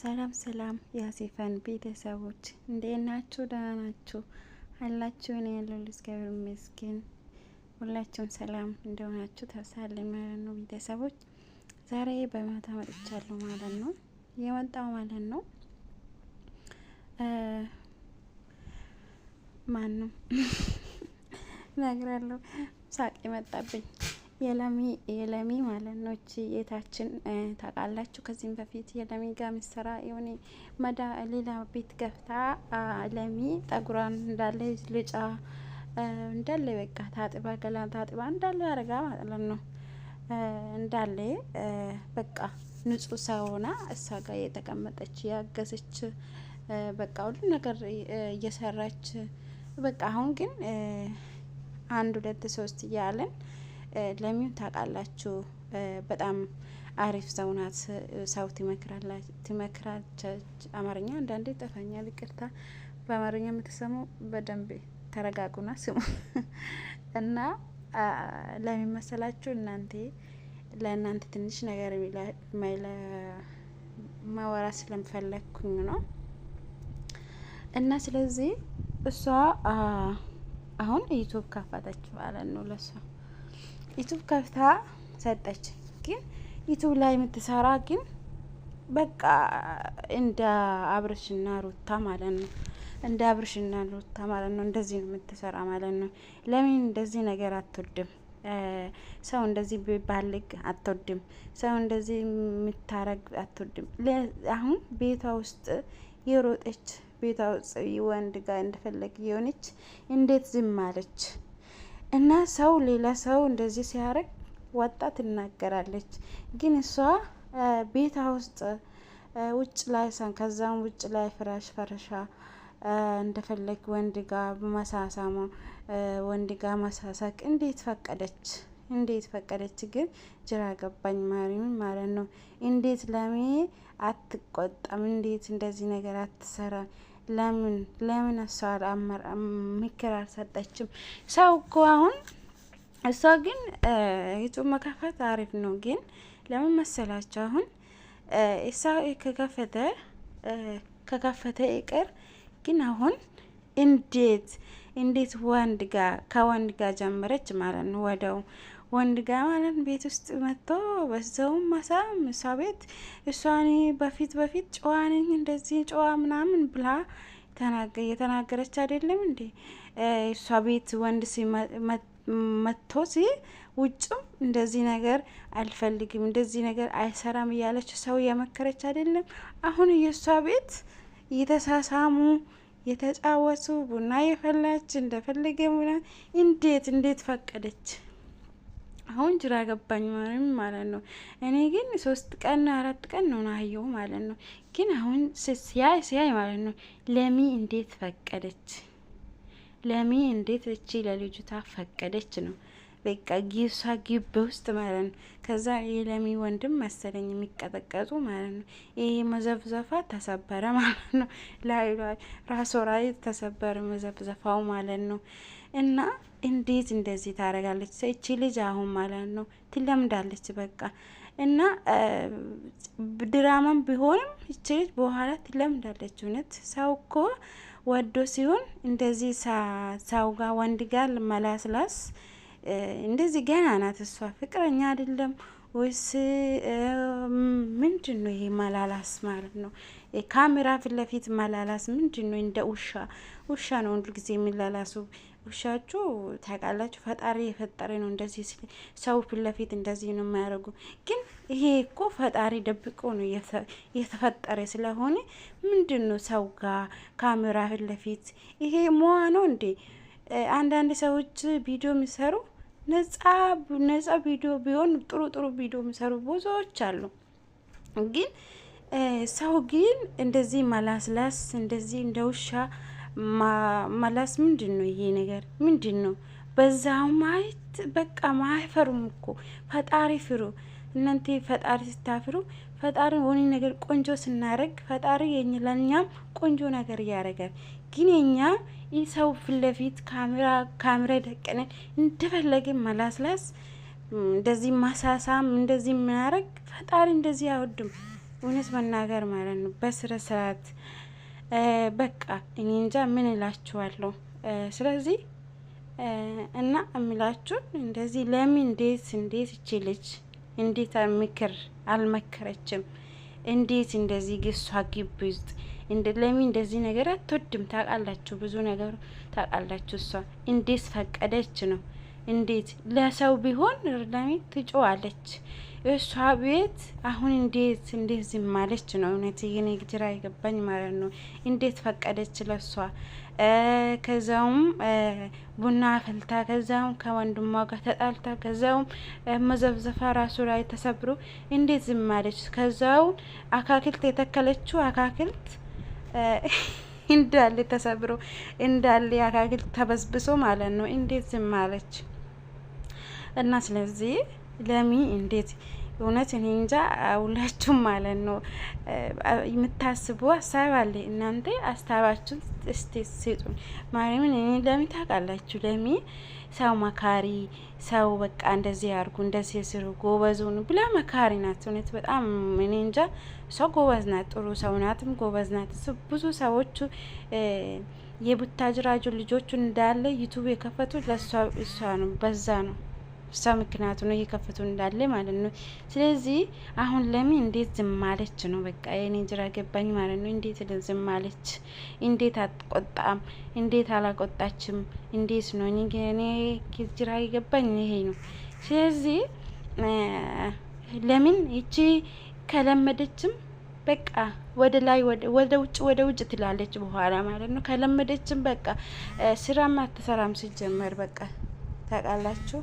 ሰላም ሰላም የአሴፈን ቤተሰቦች እንዴት ናችሁ? ደህና ናችሁ አላችሁ? እኔ ያለው እግዚአብሔር ይመስገን። ሁላችሁም ሰላም እንደሆናችሁ ተሳለ ማለት ነው። ቤተሰቦች ዛሬ በማታ መጥቻለሁ ማለት ነው። የመጣው ማለት ነው ማን ነው ነግራለሁ። ሳቅ መጣብኝ የለሚ የለሚ ማለት ነው። እቺ የታችን ታውቃላችሁ። ከዚህም በፊት የለሚ ጋር ምሰራ የሆነ መዳ ሌላ ቤት ገብታ ለሚ ጠጉሯን እንዳለ ልጫ እንዳለ በቃ ታጥባ ገላ ታጥባ እንዳለ አርጋ ማለት ነው። እንዳለ በቃ ንጹህ ሰውና እሷ ጋር የተቀመጠች ያገዘች በቃ ሁሉ ነገር እየሰራች በቃ አሁን ግን አንድ ሁለት ሶስት እያለን ለሚው ታውቃላችሁ፣ በጣም አሪፍ ሰው ናት። ሰው ትመክራለች። አማርኛ አንዳንዴ ጠፋኛ፣ ይቅርታ። በአማርኛ የምትሰሙ በደንብ ተረጋጉና ስሙ እና ለሚመሰላችሁ እናንተ ለእናንተ ትንሽ ነገር ማወራ ስለምፈለግኩኝ ነው እና ስለዚህ እሷ አሁን ዩቱብ ካፋታችሁ ማለት ነው ለእሷ ዩቱብ ከፍታ ሰጠች። ግን ዩቱብ ላይ የምትሰራ ግን በቃ እንደ አብርሽና ሩታ ማለት ነው። እንደ አብርሽና ሩታ ማለት ነው። እንደዚህ ነው የምትሰራ ማለት ነው። ለምን እንደዚህ ነገር አትወድም? ሰው እንደዚህ ባልግ አትወድም። ሰው እንደዚህ የምታረግ አትወድም። አሁን ቤቷ ውስጥ የሮጠች ቤቷ ውስጥ ወንድ ጋር እንደፈለግ የሆነች እንዴት ዝም አለች? እና ሰው ሌላ ሰው እንደዚህ ሲያደርግ ወጣ ትናገራለች። ግን እሷ ቤት ውስጥ ውጭ ላይ ሰን ከዛም ውጭ ላይ ፍራሽ ፈርሻ እንደፈለግ ወንድ ጋ መሳሳማ ወንድ ጋ መሳሳቅ እንዴት ፈቀደች? እንዴት ፈቀደች? ግን ጅራ ገባኝ ማሪም ማለት ነው። እንዴት ለሜ አትቆጣም? እንዴት እንደዚህ ነገር አትሰራም? ለምን ለምን እሷ ምክር አልሰጠችም? ሰው እኮ አሁን እሷ ግን የጡብ መከፈት አሪፍ ነው፣ ግን ለምን መሰላቸው? አሁን እሷ ከከፈተ ከከፈተ ይቅር፣ ግን አሁን እንዴት እንዴት ወንድ ጋር ከወንድ ጋር ጀመረች ማለት ነው ወደው ወንድ ጋር ማለት ቤት ውስጥ መጥቶ በዛውም ማሳም እሷ ቤት እሷኔ በፊት በፊት ጨዋነኝ እንደዚህ ጨዋ ምናምን ብላ እየተናገረች አይደለም እንዴ? እሷ ቤት ወንድ መጥቶ ሲ ውጭም እንደዚህ ነገር አልፈልግም እንደዚህ ነገር አይሰራም እያለች ሰው እየመከረች አይደለም? አሁን የእሷ ቤት እየተሳሳሙ የተጫወቱ ቡና የፈላች እንደፈለገ ሙላ እንዴት እንዴት ፈቀደች? አሁን ጅራ ገባኝ ማለም ማለት ነው። እኔ ግን ሶስት ቀን አራት ቀን ነው ናየው ማለት ነው። ግን አሁን ሲያይ ሲያይ ማለት ነው ለሚ እንዴት ፈቀደች፣ ለሚ እንዴት እቺ ለልጅቷ ፈቀደች ነው በቃ ጊሳ ግብ ውስጥ ማለት ነው። ከዛ ለሚ ወንድም መሰለኝ የሚቀጠቀጡ ማለት ነው። ይሄ መዘፍዘፋ ተሰበረ ማለት ነው። ላይ ራሶ ራይ ተሰበረ መዘፍዘፋው ማለት ነው እና እንዴት እንደዚህ ታደርጋለች? እቺ ልጅ አሁን ማለት ነው ትለምዳለች በቃ እና ድራማም ቢሆንም እቺ ልጅ በኋላ ትለምዳለች። እውነት ሰው እኮ ወዶ ሲሆን እንደዚህ ሰው ጋር ወንድ ጋር መላስላስ እንደዚህ ገና ናት እሷ ፍቅረኛ አይደለም ወይስ ምንድን ነው ይሄ መላላስ ማለት ነው? ካሜራ ፊት ለፊት መላላስ ምንድን ነው? እንደ ውሻ ውሻ ነው ሁሉ ጊዜ የሚላላሱ ውሻችሁ ታውቃላችሁ፣ ፈጣሪ የፈጠረ ነው። እንደዚህ ሰው ፊት ለፊት እንደዚህ ነው የማያደርጉ። ግን ይሄ እኮ ፈጣሪ ደብቆ ነው የተፈጠረ ስለሆነ ምንድን ነው ሰው ጋር ካሜራ ፊት ለፊት ይሄ ሞዋ ነው እንዴ? አንዳንድ ሰዎች ቪዲዮ የሚሰሩ ነጻ ነጻ ቪዲዮ ቢሆን ጥሩ ጥሩ ቪዲዮ የሚሰሩ ብዙዎች አሉ። ግን ሰው ግን እንደዚህ መላስላስ እንደዚህ እንደ ውሻ መለስ ምንድን ነው ይሄ ነገር ምንድን ነው? በዛው ማየት በቃ ማይፈሩም እኮ ፈጣሪ ፍሩ። እናንተ ፈጣሪ ስታፍሩ ፈጣሪ ሆኒ ነገር ቆንጆ ስናረግ ፈጣሪ ለእኛም ቆንጆ ነገር ያደርጋል። ግን የኛ ይህ ሰው ፊት ለፊት ካሜራ ደቀነ እንደፈለገ መላስላስ እንደዚህ ማሳሳም እንደዚህ የምናረግ ፈጣሪ እንደዚህ አይወድም። እውነት መናገር ማለት ነው በስነ ስርዓት በቃ እኔ እንጃ ምን እላችኋለሁ። ስለዚህ እና እምላችሁን እንደዚህ ለምን እንዴት እንዴት እቺ ልጅ እንዴት ምክር አልመከረችም? እንዴት እንደዚህ ግሷ ግቢ ውስጥ ለምን እንደዚህ ነገር አትወድም? ታውቃላችሁ፣ ብዙ ነገር ታውቃላችሁ። እሷ እንዴት ፈቀደች ነው እንዴት ለሰው ቢሆን ለምን ትጮዋለች? እሷ ቤት አሁን እንዴት እንዴት ዝም አለች ነው እውነት? ይህን ግጅራ አይገባኝ ማለት ነው። እንዴት ፈቀደች ለሷ? ከዛውም ቡና አፈልታ፣ ከዛውም ከወንድሟ ጋር ተጣልታ፣ ከዛውም መዘብዘፋ ራሱ ላይ ተሰብሮ እንዴት ዝም አለች? ከዛውን አካክልት የተከለችው አካክልት እንዳለ ተሰብሮ እንዳለ አካክልት ተበስብሶ ማለት ነው። እንዴት ዝም አለች እና ስለዚህ ለሚ እንዴት እውነት እኔ እንጃ ሁላችሁም ማለት ነው የምታስቡ ሀሳብ አለ። እናንተ ሀሳባችሁን እስቲ ስጡን። ማርያምን እኔ ለሚ ታውቃላችሁ፣ ለሚ ሰው መካሪ ሰው በቃ እንደዚህ ያርጉ እንደዚህ ስሩ ጎበዙን ብላ መካሪ ናት። እውነት በጣም እኔ እንጃ ሰው ጎበዝ ናት፣ ጥሩ ሰው ናትም ጎበዝ ናት። ብዙ ሰዎቹ የቡታጅራጁ ልጆቹ እንዳለ ዩቱብ የከፈቱ ለእሷ እሷ ነው በዛ ነው እሷ ምክንያቱ ነው እየከፈቱ እንዳለ ማለት ነው። ስለዚህ አሁን ለሚ እንዴት ዝማለች ነው በቃ የኔ ጅራ ገባኝ ማለት ነው። እንዴት ዝማለች? እንዴት አትቆጣም? እንዴት አላቆጣችም? እንዴት ነው እኔ ጅራ ገባኝ ይሄ ነው። ስለዚህ ለምን ይቺ ከለመደችም በቃ ወደ ላይ ወደ ውጭ ወደ ውጭ ትላለች በኋላ ማለት ነው። ከለመደችም በቃ ስራም አትሰራም ሲጀመር በቃ ታውቃላችሁ።